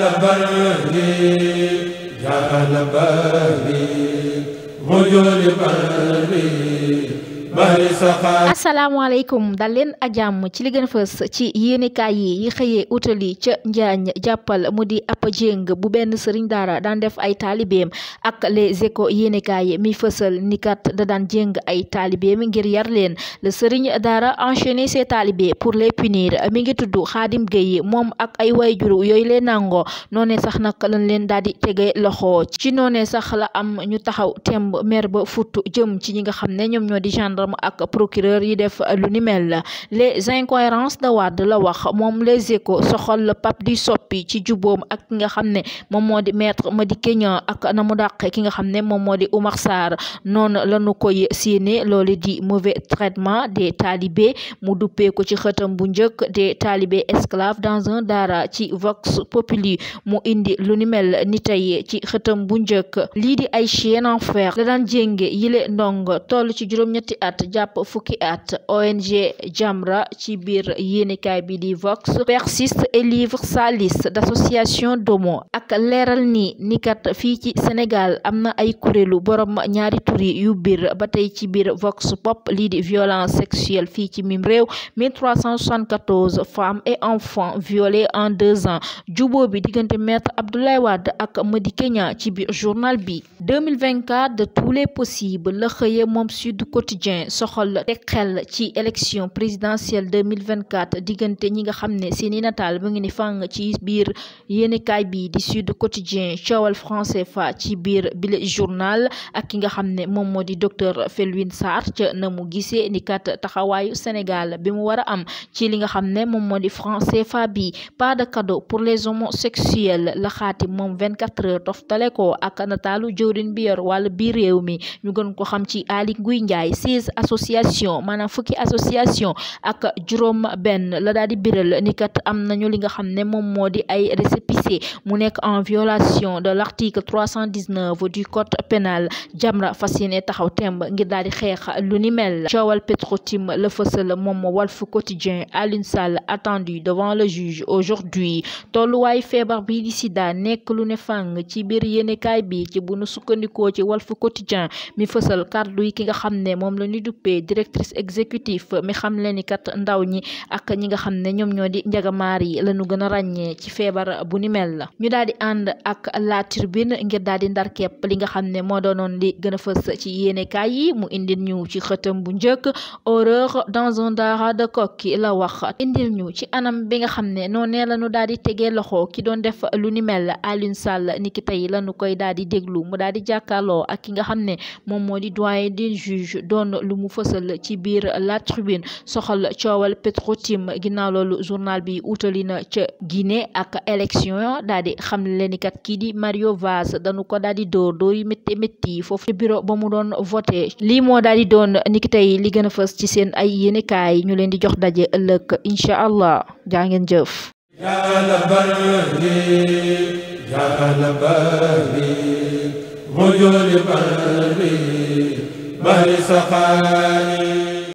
جعل بري جعل بري مجول بري asalaamaaleykum dal leen a jàmm ci li gën fës ci yéenekaay yi yi xëyee utali ca njaañ jàppal mu di ab jéng bu benn sëriñ daara daan def ay taalibeem ak le échos yéenekaay yi mi fësal ni da daan jéng ay taalibeem ngir yar leen le sëriñ daara enchaîné ses talibés pour les punir mi ngi tudd Xaadim Gueye moom ak ay wayjuru yooyu le nangoo noone sax nag lañ leen daal di tege loxo ci noonee sax la am ñu taxaw temb mer ba futt jëm ci ñi nga xam ne ñoom ñoo di gendarme gendarme ak procureur yi def lu ni mel les incohérences de Wade la wax moom les échos soxal Pape di soppi ci jubboom ak ki nga xam ne moom moo di maître Madické Niang ak na mu dàq ki nga xam ne moom moo di Oumar Sarr noonu lañu koy séenee loolu di mauvais traitement des talibés mu duppee ko ci xëtam bu njëkk de talibe esclaves dans un daara ci Vox Populi mu indi lu ni mel ni tey ci xëtam bu njëkk li di ay chien enfer la daan yile ndong toll ci juróom-ñetti at jàpp fukki at ONG Jamra ci biir yéenekaay bi di Vox persiste et livre sa liste d'association d'homo ak leeral ni nikat fii ci Sénégal am na ay kuréelu borom ñaari turi yu biir ba tey ci biir Vox Pop lii di violence sexuelle fii ci mim réew 1374 femmes et enfants violés en deux ans juboo bi diggante maître Abdoulaye Wade ak Madi Kenya ci biir journal bi de tous les possibles la xëye moom Sud Quotidien 2020 soxal teg xel ci élection présidentielle 2024 diggante ñi nga xam ne seeni nataal bu ngi ni fàng ci biir yéenekaay bi di Sud Quotidien coowal franc CFA ci biir bile journal ak ki nga xam ne moom moo di docteur Felwine Sarr ca na mu gisee ni kat taxawaayu Sénégal bi mu war a am ci li nga xam ne moom moo di franc fa bi pas de cadeau pour les homosexuels la xaati moom 24 heures toftale ko ak nataalu jëwrin bi yor wàll réew mi ñu gën ko xam ci Ali Nguy Ndiaye association maanaam fukki association ak juróom benn la daal di biral ni kat am nañu li nga xam ne moom moo di ay récépissé mu nekk en violation de l'article 319 du code pénal Jamra fas yéene taxaw temb ngir daal di xeex lu ni mel coowal Petrotim la fësal moom Walf Quotidien Alioune Sall attendu devant le juge aujourd'hui tolluwaay feebar bii di sida nekk lu ne fàng ci biir yéenekaay bi ci bu nu sukkandikoo ci Walf Quotidien mi fësal kàddu yi ki nga xam ne moom la ñuy duppee directrice exécutive mi xam le kat ndaw ñi ak ñi nga xam ne ñoom ñoo di njagamaar yi lañu gën a ràññee ci feebar bu ni mel la ñu daal di ànd ak la turbine ngir daal di ndar kepp li nga xam ne moo doonoon li gën a fës ci yéenekaay yi mu indil ñu ci xëtam bu njëkk horreur dans un dara de coki la wax indil ñu ci anam bi nga xam ne noonee lañu daal di tegee loxo ki doon def lu ni mel Alioune Sall ni ki tey lañu koy daal di déglu mu daal di jàkkaarloo ak ki nga lu mu fësal ci biir La Tribune soxal coowal Petrotim ginnaaw loolu journal bi utali na ca Guinée ak élection daal di xam kat kii di Mario Vaz dañu ko daal di dóor dóor yi foofu ci bureau ba mu doon voté lii moo daal di doon niki tey li gën a fës ci seen ay yéenekaay ñu leen di jox daje ëllëg incha allah jaa ngeen jëf. bari saxaani